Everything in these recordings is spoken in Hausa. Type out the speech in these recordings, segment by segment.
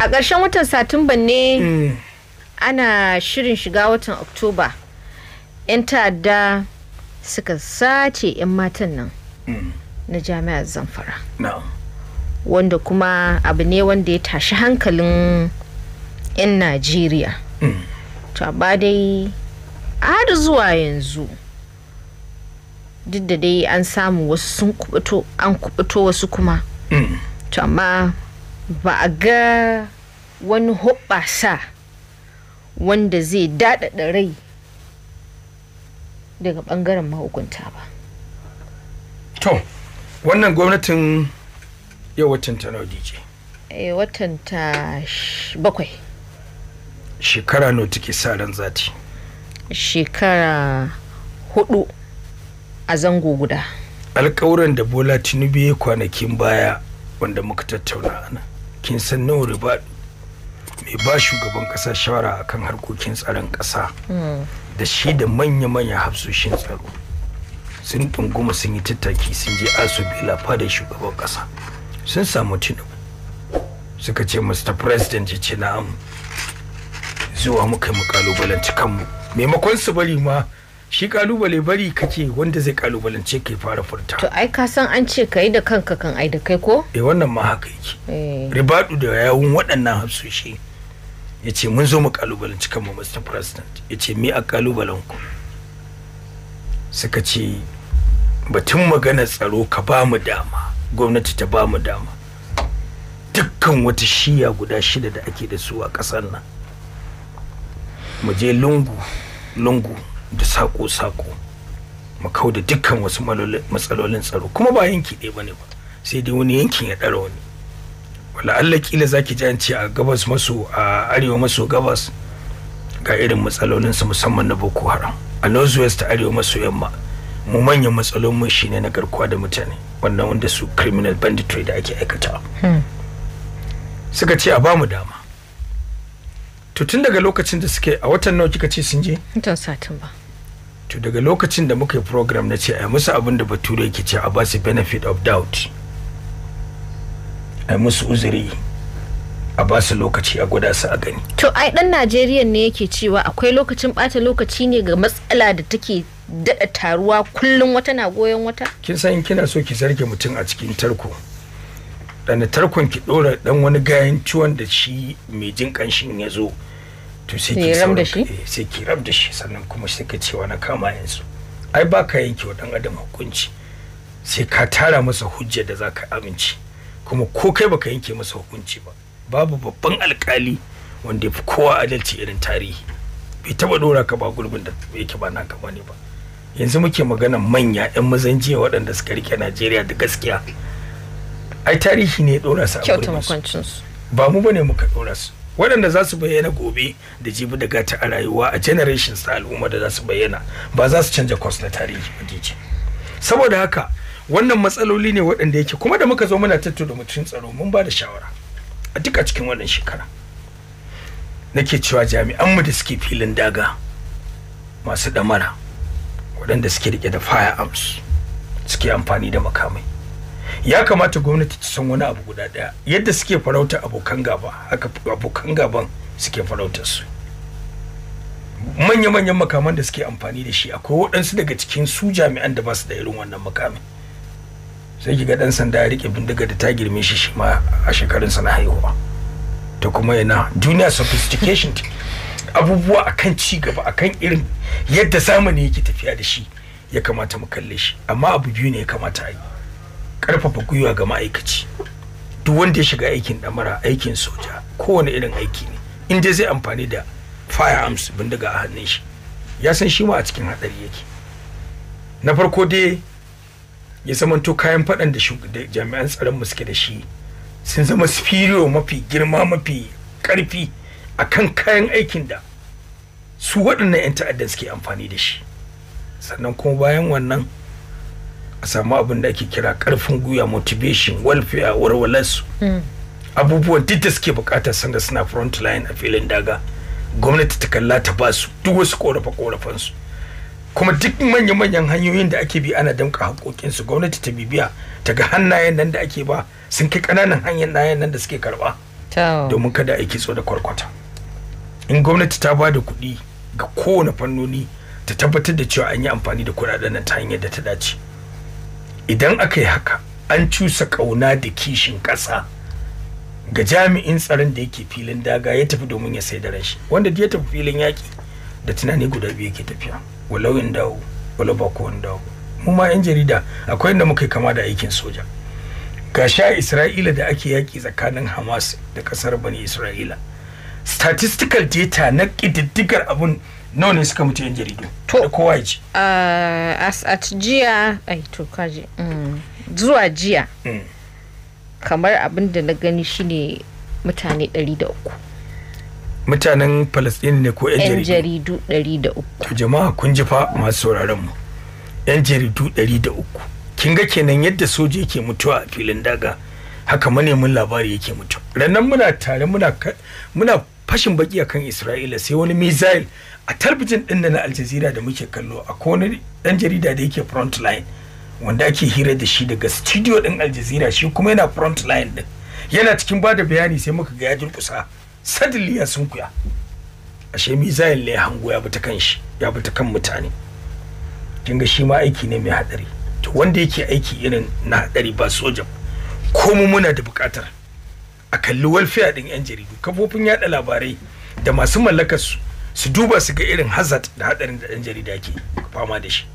a ƙarshen watan satumban ne mm. ana shirin shiga watan oktoba 'yan ta'adda suka sace 'yan matan nan mm. na jami'ar zamfara wanda kuma abu ne wanda ya tashi hankalin 'yan najeriya mm. to ba dai har zuwa yanzu duk da dai an samu wasu sun kubuto an kubuto wasu kuma to amma ba a ga wani hoɓɓasa wanda zai daɗaɗa rai daga ɓangaren mahukunta ba to wannan gwamnatin yau watan ta nawa dj eh watan bakwai shekara nawa take sa ran zati shekara hudu a zango guda alkawuran da bola tinubu ya kwanakin baya wanda muka tattauna ana kin san nawa riba mai ba shugaban kasa shawara a kan harkokin tsaron kasa hmm. da shi da manya-manya hafsoshin tsaro sun ɗunguma sun yi tattaki sun je lafa fada shugaban kasa sun samu tinubu suka ce mr president ya ce na'am zuwa muka yi mu kalubalanci kanmu maimakon su bari ma shi kalubale bari kake wanda zai kalubalance ke fara furta to ai ka san an ce kai da kanka kan ai da kai ko eh wannan ma haka yake eh. ribadu da yawun waɗannan hafsoshi ya ce mun zo mu kalubalance kanmu mr president ya ce mi a kalubalen ku suka ce batun magana tsaro ka ba mu dama gwamnati ta ba mu dama dukkan wata shiya guda shida da ake da su a ƙasar nan mu je lungu lungu da sako-sako mu kau da dukkan wasu matsalolin tsaro kuma ba yanki ɗaya bane ba sai dai wani yankin ya ɗara wani wala Allah kila zaki ji an a gabas maso a arewa maso gabas ga irin matsalolin su musamman na Boko Haram a northwest arewa maso yamma mu manyan matsalolin mu shine na garkuwa da mutane wannan wanda su criminal banditry da ake aikata hmm. suka ce a bamu dama to tun daga lokacin da suke a watan nawa kika ce sun je watan satumba to daga lokacin da muka yi program na ce a musu abin da bature yake ce a basu benefit of doubt a musu uzuri a basu lokaci a gwada su a gani to ai dan najeriya ne yake cewa akwai lokacin bata lokaci ne ga matsala da take daɗa taruwa kullum wata na goyon wata kin san kina so ki zarge mutum a cikin tarko dan tarkon ki dora dan wani gayan ciwon da shi mai jin kanshin ya zo to sai ki saurin da shi eh, sai ki rab da shi sannan kuma sai ka cewa na kama yanzu ai ba ka yanke wa dan adam hukunci sai ka tara masa hujja da zaka aminci kuma ko kai baka yanke masa hukunci ba babu babban alkali wanda ya fi kowa adalci irin tarihi bai taba dora ka ba gurbin da yake ba naka ne ba yanzu muke magana manya yan mazan jiya waɗanda suka rike Najeriya da gaskiya ai tarihi ne ya dora su a ba mu bane muka dora su waɗanda za su bayyana gobe da jibi da gata a rayuwa a generation ta al'umma da za su bayyana ba za su canja course na tarihi ba dj saboda haka wannan matsaloli ne waɗanda yake kuma da muka zo muna tattauna mutum tsaro mun ba da shawara a duka cikin wannan shekara nake cewa jami'an mu da suke filin daga masu damara waɗanda suke rike da firearms suke amfani da makamai ya kamata gwamnati ta san wani abu guda daya yadda suke farauta abokan gaba haka abokan gaban suke farauta su manya-manyan makaman da suke amfani da shi akwai waɗansu daga cikin su jami'an da ba su da irin wannan makamin sai ki ga ɗan sanda ya rike bindiga da ta girme shi shi ma a shekarunsa na haihuwa ta kuma yana duniya sophistication abubuwa akan ci gaba akan irin yadda zamani yake tafiya da shi ya kamata mu kalle shi amma abu biyu ne ya kamata a yi karfafa gwiwa ga ma'aikaci duk wanda ya shiga aikin damara aikin soja kowane irin aiki ne in dai zai amfani da firearms bindiga a hannun shi ya san shi ma a cikin hadari yake na farko dai ya zamanto kayan faɗan da jami'an tsaron mu suke da shi sun zama spiro mafi girma mafi karfi akan kayan aikin da su waɗannan 'yan ta'addan suke amfani da shi sannan kuma bayan wannan a samu abin da ake kira karfin gwiwa motivation welfare warwalarsu abubuwan duk da suke bukatar sanda suna front line a filin daga gwamnati ta kalla ta ba su duk wasu korafa korafansu su kuma duk manyan manyan hanyoyin da ake bi ana damka haƙoƙin gwamnati ta bibiya ta ga hannayen nan da ake ba sun kai kananan hanyar nayan nan da suke karba domin kada a kitso da kwarkwata in gwamnati ta ba da kuɗi ga kowane fannoni ta tabbatar da cewa an yi amfani da kuɗaɗen nan ta hanyar da ta dace idan aka yi haka an cusa ƙauna da kishin ƙasa ga jami'in tsaron da yake filin daga ya tafi domin ya sai da rashi shi wanda ya tafi filin yaƙi da tunani guda biyu yake tafiya walau in dawo walau ba ko dawo mu ma yan jarida akwai inda muka kama da aikin soja ga sha isra'ila da ake yaƙi tsakanin hamas da ƙasar bani isra'ila statistical data na ƙididdigar abun nawa ne suka mutu yan jaridu to da kowa ji uh, as at jiya ai to kaji mm, zuwa jiya mm. kamar abin da na gani shine mutane 300 mutanen palestine ne ko yan jaridu 300 to jama'a kun ji fa masu sauraron mu yan jaridu 300 kin ga kenan yadda soja yake mutuwa a filin daga haka manemin labari yake mutu. rannan muna tare muna fashin baki a kan isra'ila sai wani mizail a talbijin din na aljazira da muke kallo a wani dan jarida da yake front line wanda ake hira da shi daga studio din aljazira shi kuma yana front line din yana cikin bada bayani sai muka ga ya jirkusa sadili ya kuya ashe misail ne hango ya bi ta kan shi ya bi ta kan mutane kin ga shi ma aiki ne mai hadari to wanda yake aiki irin na hadari ba soja ko muna da bukatar a kalli welfare din yan jaridu kafofin yada labarai da masu mallakar su su duba su ga irin hazard da hadarin da yan jarida ke fama da shi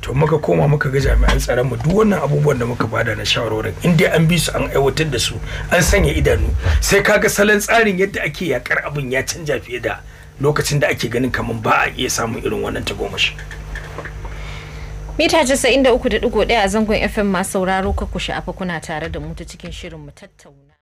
to muka koma muka ga jami'an tsaron mu duk wannan abubuwan da muka bada na shawarorin in an bi su an aiwatar da su an sanya idanu sai kaga salon tsarin yadda ake yakar abun ya canja fiye da lokacin da ake ganin kamar ba a iya samun irin wannan tagomashi mita 93.1 a zangon fm masu sauraro ka kushe afa kuna tare da mu ta cikin shirin mu tattauna